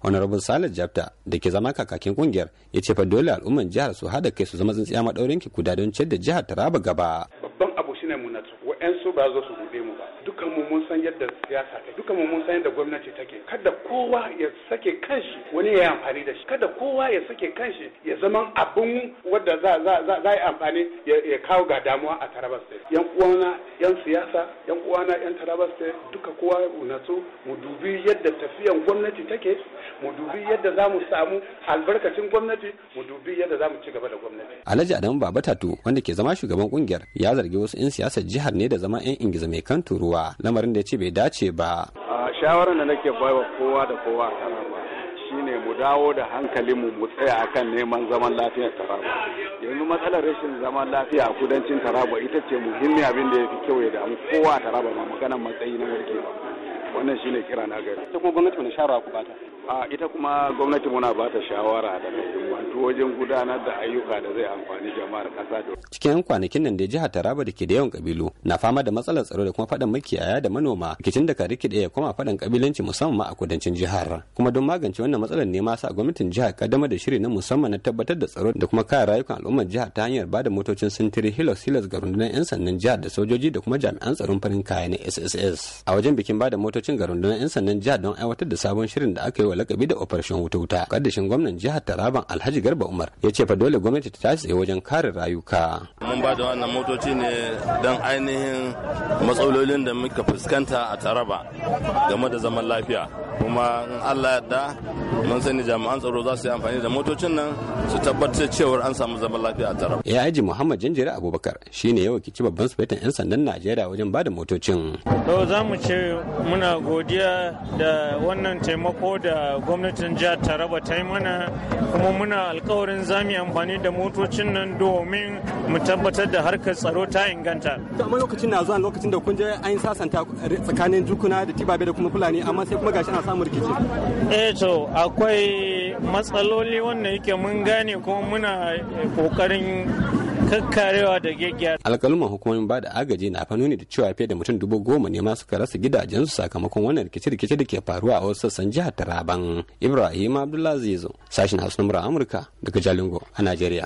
honorable salad jabta da ke zama kakakin kungiyar ya ce fa dole al'umman jihar su hada kai su zama tsintsiya maɗaurin ki guda don ciyar da jihar taraba gaba ba zo su buɗe mu ba dukan mu mun san yadda siyasa take dukan mu mun san yadda gwamnati take kada kowa ya sake kanshi wani ya amfani da shi kada kowa ya sake kanshi ya zama abin wanda za za za yi amfani ya kawo ga damuwa a Taraba State yan uwana yan siyasa yan uwana yan Taraba State duka kowa unatu mu dubi yadda tafiyan gwamnati take mu dubi yadda za mu samu albarkacin gwamnati mu dubi yadda za mu ci gaba da gwamnati Alhaji Adamu Babatatu wanda ke zama shugaban kungiyar ya zargi wasu 'yan siyasar jihar ne da zama 'yan ingiza mai kan turuwa lamarin da ya ce bai dace ba shawarar da nake baiwa kowa da kowa a taraba shine mu dawo da hankalinmu mu tsaya akan neman zaman lafiyar taraba yanzu matsalar rashin zaman lafiya a kudancin taraba ita ce muhimmi abin da ya fi kyau ya damu kowa a taraba ba maganar matsayi na mulki ba wannan shine kira na gari ita kuma gwamnati wani ku bata a ita kuma gwamnati muna ba ta shawara da wajen gudanar da ayyuka da zai amfani jama'ar kasa da cikin kwanakin nan da jiha Taraba da ke da yawan kabilu na fama da matsalar tsaro da kuma faɗan makiyaya da manoma rikicin da ka rikide ya kuma fadan kabilanci musamman a kudancin jihar kuma don magance wannan matsalar ne ma sa gwamnatin jihar kaddama da shiri na musamman na tabbatar da tsaro da kuma kare rayukan al'ummar jihar ta hanyar ba da motocin sintiri hilux hilos ga rundunar 'yan sandan jihar da sojoji da kuma jami'an tsaron farin kaya na SSS a wajen bikin ba da motocin ga rundunar 'yan sandan jiha don aiwatar da sabon shirin da aka yi wa lakabi da operation wuta wuta kadashin gwamnan jihar Taraban Alhaji Garba Umar ya ce fa dole gwamnati ta tashi wajen kare rayuka mun ba da wannan motoci ne don ainihin matsalolin da muka fuskanta a Taraba game da zaman lafiya kuma in allah yadda mun sani jami'an tsaro za su yi amfani da motocin nan su tabbatar cewa an samu zaman lafiya a taron. ya aji muhammad jinjiri abubakar shi ne ya wakilci babban sufetin 'yan sandan najeriya wajen bada motocin. to za mu ce muna godiya da wannan taimako da gwamnatin jihar taraba ta yi mana kuma muna alkawarin za mu yi amfani da motocin nan domin mu tabbatar da harkar tsaro ta inganta. amma lokacin na zuwa lokacin da kun je an sasanta tsakanin jukuna da tibabe da kuma fulani amma sai kuma gashi na samun rikici eh to akwai matsaloli wannan yake mun gane kuma muna kokarin kakkarewa da gyaggyara. alkaluman hukumomin ba da agaji na nuni da cewa fiye da mutum dubu goma ne ma suka rasa gidajensu sakamakon wannan rikice rikici da ke faruwa a wasu sassan jihar taraban ibrahim abdullahi zizo sashen hausa na amurka daga jalingo a najeriya